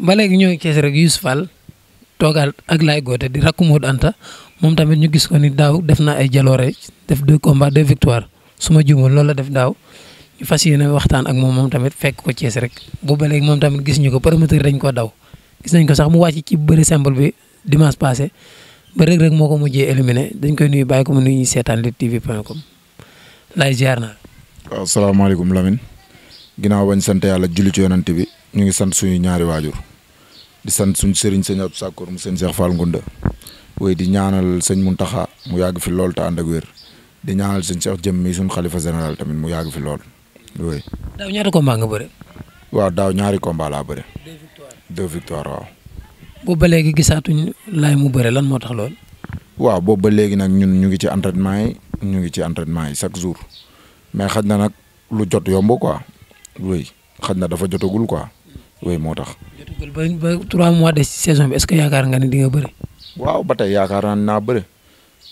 ba léegi ñoo ngi Cees rek Youssou Fall toogaal ak Laye Gothé di rakku Modou Anta moom tamit ñu gis ko ni daaw def na ay jaloore def deux combats deux victoires su ma juumal loolu la def daaw ñu fas yéene waxtaan ak moom moom tamit fekk ko Cees rek bu ba moom tamit gis ñu ko promoteur dañ ko daw gis nañ ko sax mu wàcc ci bëri simple bi dimanche passé ba Reug rek moo ko mujjee éliminé dañ koy nuyu bàyyi ko mu nuyu seetaan Lutte TV point com lay ziar naa. waaw salaamaaleykum Lamine ginnaaw bañ sant yàlla julli ci yonante bi ñu ngi sant suñu ñaari waajur. di sant suñ sëriñ sëñ Abdou Sakkour mu sëñ Cheikh Fall Ngunda waaye di ñaanal sëñ Muntaxa mu yàgg fi lool te ànd ak wér di ñaanal sëñ Cheikh Jëm mi suñ xalifa général tamit mu yàgg fi lool waaye. daaw ñaari nga bëre. waaw daaw ñaari combat laa bëre. deux victoires deux waaw. boobu ba léegi gisaatuñ laay mu bëre lan moo tax lool. waaw boobu ba léegi nag ñun ñu ngi ci entraînement yi ñu ngi ci entraînement yi chaque jour mais xaj na nag lu jot yomb quoi oui xaj na dafa jotagul quoi. way moo tax. ba trois mois de saison bi est-ce que yaakaar nga ne di nga bëri. waaw ba tey yaakaar naa ne naa bëri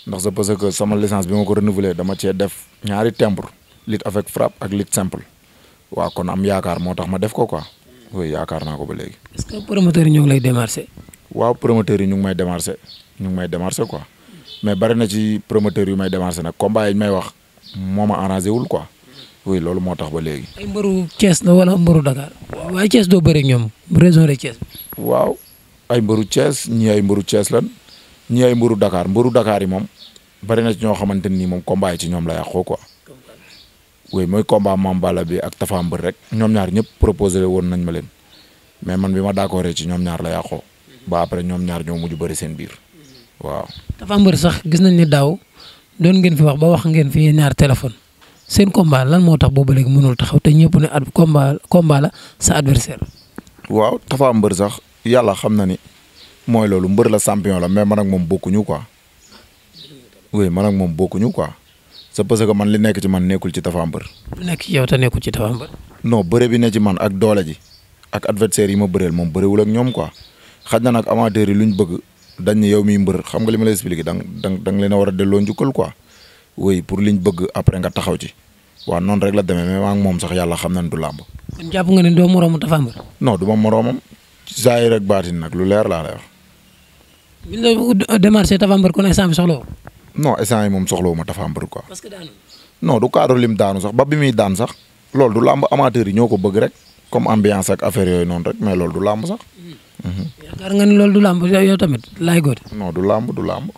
ndax c'est parce que sama licence bi ma ko renouveler dama cee def ñaari timbre lutte avec frappe ak lutte simple waaw kon am yaakaar moo tax ma def ko quoi oui yaakaar naa ko ba léegi. est que promoteurs yi ñu ngi lay démarché. waaw promoteurs yi ñu may démarché ñu ngi may démarché quoi mais bari na ci promoteurs yu may démarché nag combat yi ñu may wax moo ma wul quoi. oui loolu moo tax ba léegi. ay mbëru Thiès la wala doo bëri ñoom région de Thiès. waaw ay mbëru Thiès ñii ay mbëru Thiès lan ñii yi moom bari na ñoo xamante ni moom combat ci ñoom la yàqoo quoi. oui mooy combat Mame Balla bi ak Tapha Mbeur rek ñoom ñaar ñëpp proposé woon nañ ma leen mais man bi ma d'accord ci ñoom ñaar la yàqoo ba après ñoom ñaar ñoo mujj bëri seen biir waaw. Tapha Mbeur sax gis nañ ne daaw doon ngeen fi wax ba wax ngeen fi ñaar téléphone. seen combat lan moo tax boobu léegi mënul taxaw te ñëpp ne at combat combat la sa adversaire waaw Tapha mbër sax yàlla xam na ni mooy loolu mbër la champion la mais man ak moom bokkuñu quoi oui man ak moom bokkuñu ñu c'est parce que man li nekk ci man nekkul ci Tapha mbër. li nekk ci yow te nekkul ci Tapha mbër. non bëre bi ne ci man ak doole ji ak adversaire yi ma bëreel moom bëriwul ak ñoom quoi xaj na nag amateurs yi luñ bëgg dañ ne yow miy mbër xam nga li ma lay expliquer da nga da nga leen war a delloo njukkal quoi. oui pour liñ bëgg après nga taxaw ci waaw noonu rek la demee mais maa moom sax yàlla xam nañ du làmb. kon jàpp nga ne doo moroomu Tapha Mbeur. non du lu leer laa lay wax. bi la démarché Tapha Mbeur kon instant bi soxla non instant yi moom soxla wu ma Tapha Mbeur quoi. parce que daanu. non du cadre lim sax ba bi muy daan sax. loolu du làmb amateur yi ñoo ko bëgg rek comme ambiance ak affaire yooyu noonu rek loolu du làmb sax. Mm-hmm. yaakaar nga ni loolu du làmb tamit laay góote. non du làmb du làmb.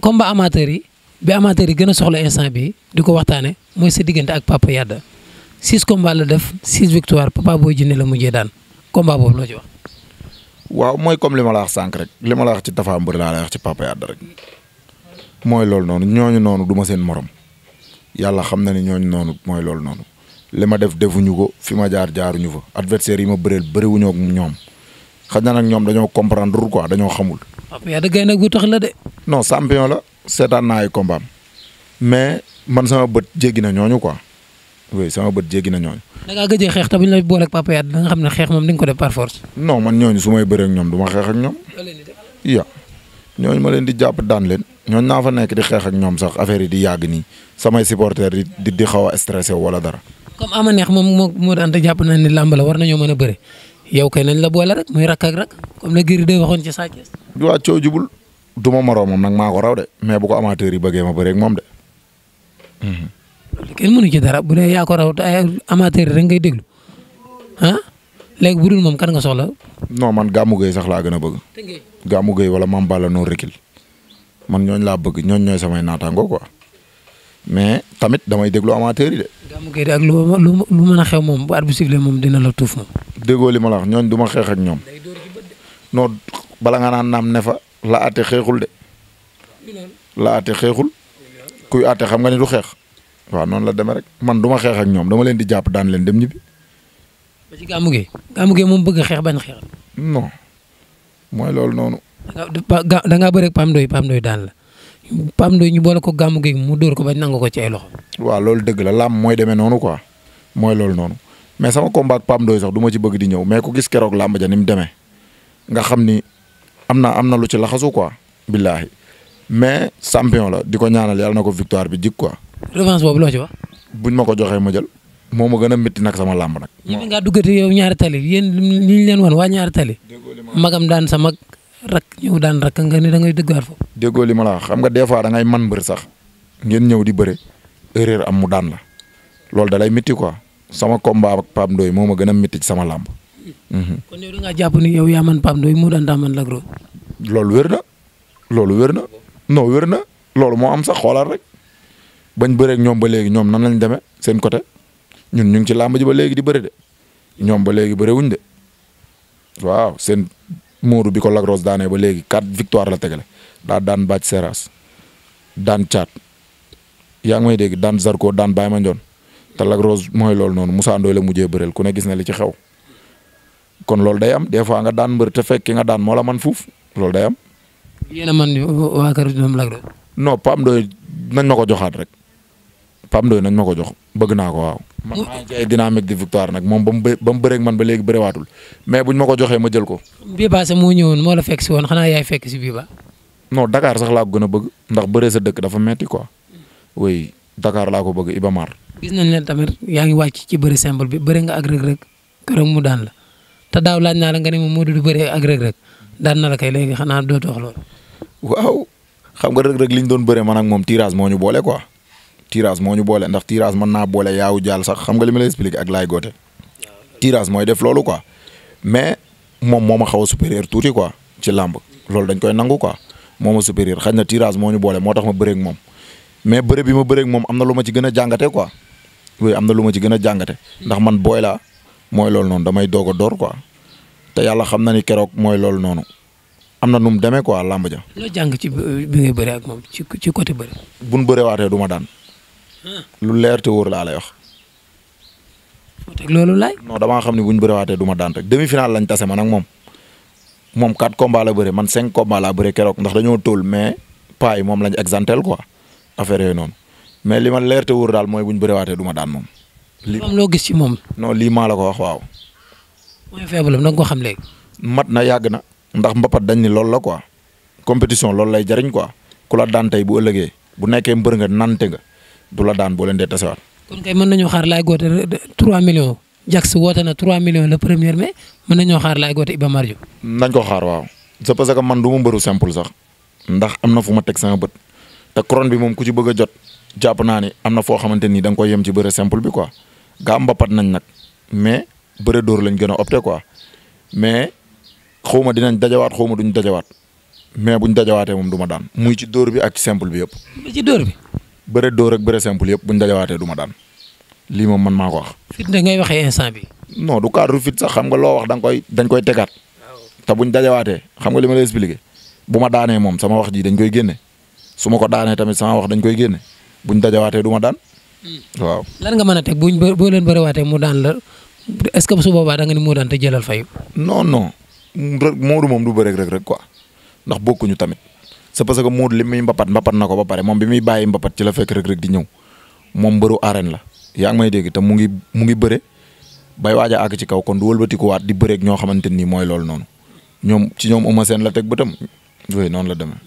comme yi. bi amateur yi gën a soxla instant bi di ko waxtaane mooy sa diggante ak Papa Yada six combats la def six victoire Papa Boy Djiné la mujjee daan combat boobu loo ci wax. waaw mooy comme li ma la wax sànq rek li ma la wax ci Tapha Mbeur laa la wax ci Papa Yada rek mooy loolu noonu ñooñu noonu duma ma seen morom yàlla xam na ne ñooñu noonu mooy loolu noonu li ma def defuñu ko fi ma jaar jaaruñu fa adversaire yi ma bëreel bëriwuñoo ak ñoom xaj na nag ñoom dañoo comprendre quoi dañoo xamul. Papa seetaan naa ay combat mais man sama bët jéggi na ñooñu quoi oui sama bët jéggi na ñooñu. da ngaa gëj a xeex te la booleeg Papa Yade da nga xam ne xeex moom di nga ko def par force. non man ñooñu su may bëree ak ñoom du ma ñoom. ya ñooñu ma leen di jàpp daan leen ñooñu naa fa nekk di xeex ñoom sax affaire yi di yàgg nii samay supporters di di xaw a stressé wala dara. comme ama neex moom moo moo daan te jàpp naa ne làmb la war nañoo mën a bëre yow kay nañ la boole rek muy rakk ak rakk comme la Sa Thiès. du ma moroomam nag ma ko raw de mais bu ko amateur yi bëggee ma bëreeg moom de. loolu kenn bu dee yaa ko raw te ay amateur yi déglu ah léegi bu moom kan nga soxla. noo man Gamou Gueye sax laa gën a bëgg. Gamou Gueye wala Mame Balla noo rekil man ñooñ laa bëgg ñooñ ñooy samay naataango ko mais tamit damay déglu amateur yi de. Gamou Gueye de ak lu moom bu at bu sifflé moom la tuuf moom. déggoo li ma la wax ñooñ du ma naam ne la àtte xeexul de la àtte xeexul kuy àtte xam nga ni du xeex waaw noonu la demee rek man duma ma xeex ak ñoom dama leen di jàpp daan leen dem ñibbi. ba ci Gamou Gueye Gamou moom bëgg xeex bañ xeex. non mooy loolu noonu. da ngaa bëri ak Pam Ndoye Pam Ndoye daan la Pam Ndoye ñu boole ko Gamou Gueye mu dóor ko bañ nangu ko cee ay loxo. waaw lool dëgg la làmb mooy demee noonu quoi mooy loolu noonu mais sama combat ak Pam Ndoye sax du ci bëgg di ñëw mais ko gis keroog làmb ja ni mu demee nga xam ni. am na am na lu ci laxasu quoi. billaahi mais champion la di ko ñaanal yàlla na ko victoire bi jig ko revanche boobu loo ci wax. buñ ma ko joxee ma jël. moo ma gën a métti nag sama làmb nag. ñi nga duggati yow ñaari tali yéen li ñu leen wan waa ñaari tali. magam sa mag rak ñëw daan rak nga ne da ngay dëggaat foofu. déggoo li ma la wax xam nga des fois da man bari sax ngeen ñëw di bëre erreur am mu daan la loolu da lay métti quoi sama kom ak Pape Ndoye moom ma gën a métti sama làmb. kon yow da ngaa jàpp ni yow yaa man Pape Ndoye moo daan daa man loolu wér na loolu wér na non wér na loolu moo am sax xoolaat rek bañ bëreek ñoom ba léegi ñoom nan lañ demee seen côté ñun ñu ngi ci làmb ji ba léegi di bëri de ñoom ba léegi bëre wuñ de waaw seen mooru bi ko Lac daanee ba léegi quatre victoire la tegale daa daan bàcc seeraas daan caat yaa ngi may dégg daan Zarko daan Baye Mandione te Lac Rose mooy loolu noonu Moussa Ndoye la mujjee bëreel ku ne gis na li ci xew. kon loolu day am des fois nga daan mbër te fekk ki nga daan moo la man fuuf loolu day am. yéen a mën waa kër doom Lac Rose. non Pam Doy nañ ma ko joxaat rek paam Doy nañ ma ko jox bëgg naa ko waaw. man maa ngi ci ay dynamique victoire nag moom ba mu bë ba mu bëreeg man ba léegi bëriwaatul mais buñ ma ko joxee ma jël ko. bii baasa moo ñëwoon moo la fekk si woon xanaa yaay fekk si bii ba. non Dakar sax laa ko a bëgg ndax bëree sa dëkk dafa metti quoi oui Dakar laa ko bëgg Ibamar. gis nañ leen tamit yaa ngi wàcc ci bëri simple bi bëri nga ak rëg mu daan la te daaw laaj naa la nga ne moom Modou du bëree ak rëg daan na la kay léegi xanaa dootu wax loolu. waaw xam nga rëg-rëg li ñu doon bëree ma ak moom tirage moo ñu boole quoi tirage moo ñu boole ndax tirage mën naa boole yaaw jaal sax xam nga li ma lay expliqué ak laay goote tirage mooy def loolu quoi mais moom moo ma xaw a supérieur tuuti quoi ci làmb loolu dañ koy nangu quoi moo ma supérieur xaj na tirage moo ñu boole moo tax ma bëree ak moom mais bëre bi ma bëree ak moom am na lu ma ci gën a jàngate quoi oui am na lu ma ci gën a jàngate ndax man booy mooy loolu noonu damay doog a door quoi te yàlla xam na ni keroog mooy loolu noonu am na nu mu demee quoi làmb ja. loo jàng ci bi ngay bëree ak moom ci côté bëri. bu nu du ma daan. lu leerte te wóor laa lay wax. loolu laay. non damaa xam ne bu ñu bëreewaatee du ma daan rek demi final lañ tase ma nak moom moom quatre combats la bëre man cinq combats laa bëre keroog ndax dañoo tóol mais paa moom lañ exemptel ko affaire yooyu noonu mais li ma leer te wóor daal mooy bu ñu bëreewaatee du ma daan moom. li moom loo gis ci moom. noo lii maa la ko wax waaw. mooy faible am na ko xam léegi. mat na yàgg na ndax mbapat dañ ni loolu la quoi compétition loolu lay jariñ quoi ku la daan tey bu ëllëgee bu nekkee mbër nga nante nga du la daan boo leen dee tasewaat. kon kay mën nañu xaar Laye Gothé euh, 3 millions Jax woote na 3 millions le premier mai mën nañoo xaar Laye Gothé Iba Mar Diop. nañ ko xaar waaw c'est parce que man du ma mbëru simple sax ndax am na fu ma teg sama bët te couronne bi moom ku ci bëgg a jot jàpp naa ni am na foo xamante ni da nga koy yem ci bëre simple bi quoi. gaa mbapat nañ nag mais bëre dóor lañ gën a opté quoi mais xaw ma dinañ dajawaat xaw ma duñ dajawaat mais buñ dajawaatee moom du ma daan muy ci door bi ak simple bi yëpp. ci dóor bi. bëre dóor ak bëre simple yëpp buñ dajawaatee du ma daan lii moom man maa ko wax. fit ngay waxee instant bi non du cadre fit sax xam nga loo wax da nga koy dañ koy tegaat. te buñ dajawaatee xam nga li ma lay expliqué bu ma daanee moom sama wax jii dañ koy génne su ma ko daanee tamit sama wax dañ koy génne buñ dajawaatee du ma daan. waaw lan nga mën a teg buñ boo leen bëriwaatee mu daan la est-ce que su boobaa ni moo daan te jëlal fayu. moom du bëreeg rek rek quoi ndax bokkuñu tamit c'est parce que Modou li muy mbapat mbapat na ko ba pare moom bi muy bàyyi mbapat ci la fekk rek rek di ñëw moom mbëru arène la yaa ngi dégg te mu ngi mu ngi bëre bay waaj a àgg ci kaw kon du wëlbatikuwaat di bëreeg ñoo xamante ni mooy loolu noonu ñoom ci ñoom Eumeu Sène la teg bëtam yooyu noonu la demee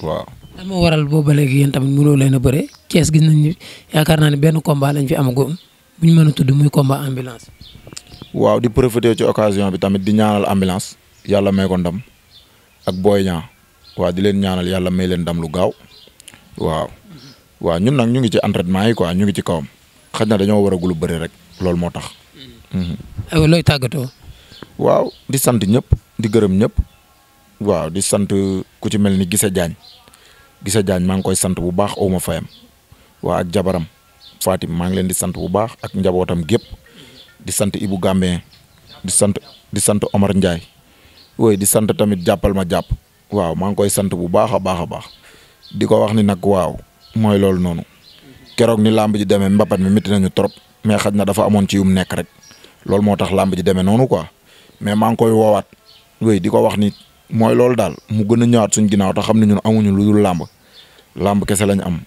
waaw. lan moo waral boobu ba léegi yéen tamit leen a bëre Thiès gis nañu yaakaar naa ne benn combat lañ fi amagoon bu ñu mën a tudd muy combat ambulance. waaw di profiter ci occasion bi tamit di ñaanal ambulance yàlla may ko ndam ak Boy Niang waaw di leen ñaanal yàlla may leen ndam lu gaaw waaw. ñun nag ñu ngi ci entraînement yi quoi ñu ngi ci kawam xaj na dañoo war a gulu bëri rek loolu moo tax. Mhm. aywa looy tàggatoo. waaw di sant ñëpp di gërëm ñépp waaw di sant ku ci mel ni Gise Diagne Gise jaañ maa ngi koy sant bu baax aw fayam waa ak jabaram Fatim maa ngi leen di sant bu baax ak njabootam gépp di sant ibu Gambien di sant di sant Omar Ndiaye wooy di sant tamit jàppal ma jàpp waaw maa ngi koy sant bu baax a baax a baax di ko wax ni nag waaw mooy loolu noonu keroog ni làmb ji demee mbapat mi métti nañu trop mais xaj na dafa amoon ci yum nekk rek loolu tax làmb ji demee noonu quoi mais maa ngi koy woowaat wéy di ko wax ni mooy loolu daal mu gën a ñëwaat suñ ginnaaw te xam ne ñun amuñu lu dul làmb làmb kese lañ am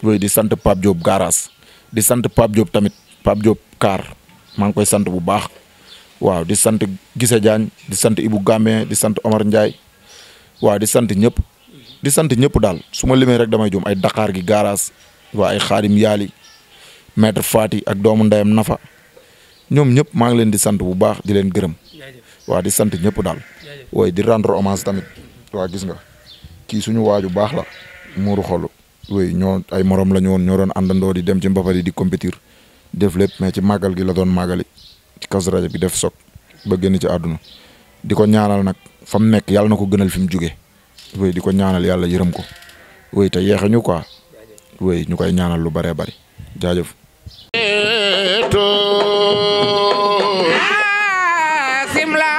di sant Pape joob Garaas di sant Pape joob tamit Pape joob Kaar maa ngi koy sant bu baax waaw di sant Gise Diagne di sant Ibou Gamme di sant Omar Ndiaye waaw di sant ñëpp di sant ñëpp daal suma ma limee rek damay juum ay Dakar gi Garaas waa ay Xaadim Yaali maître Fati ak doomu ndeyam Nafa ñoom ñëpp maa ngi leen di sant bu baax di leen gërëm waa di sant ñëpp daal waaye di rendre hommage tamit waa gis nga kii suñu waaju baax la muuru xolu oui ñoo ay morom la ñu woon ñoo doon àndandoo di dem ci mbapat yi di compétir def lépp mais ci màggal gi la doon màggali ci Kazu Rajab bi def soog ba génn ci àdduna di ko ñaanal nag fa mu nekk yàlla na ko gënal fi mu jugee oui di ko ñaanal yàlla yërëm ko oui te yeexe ñu quoi oui ñu koy ñaanal lu bare bëri jaajëf. Ah, simla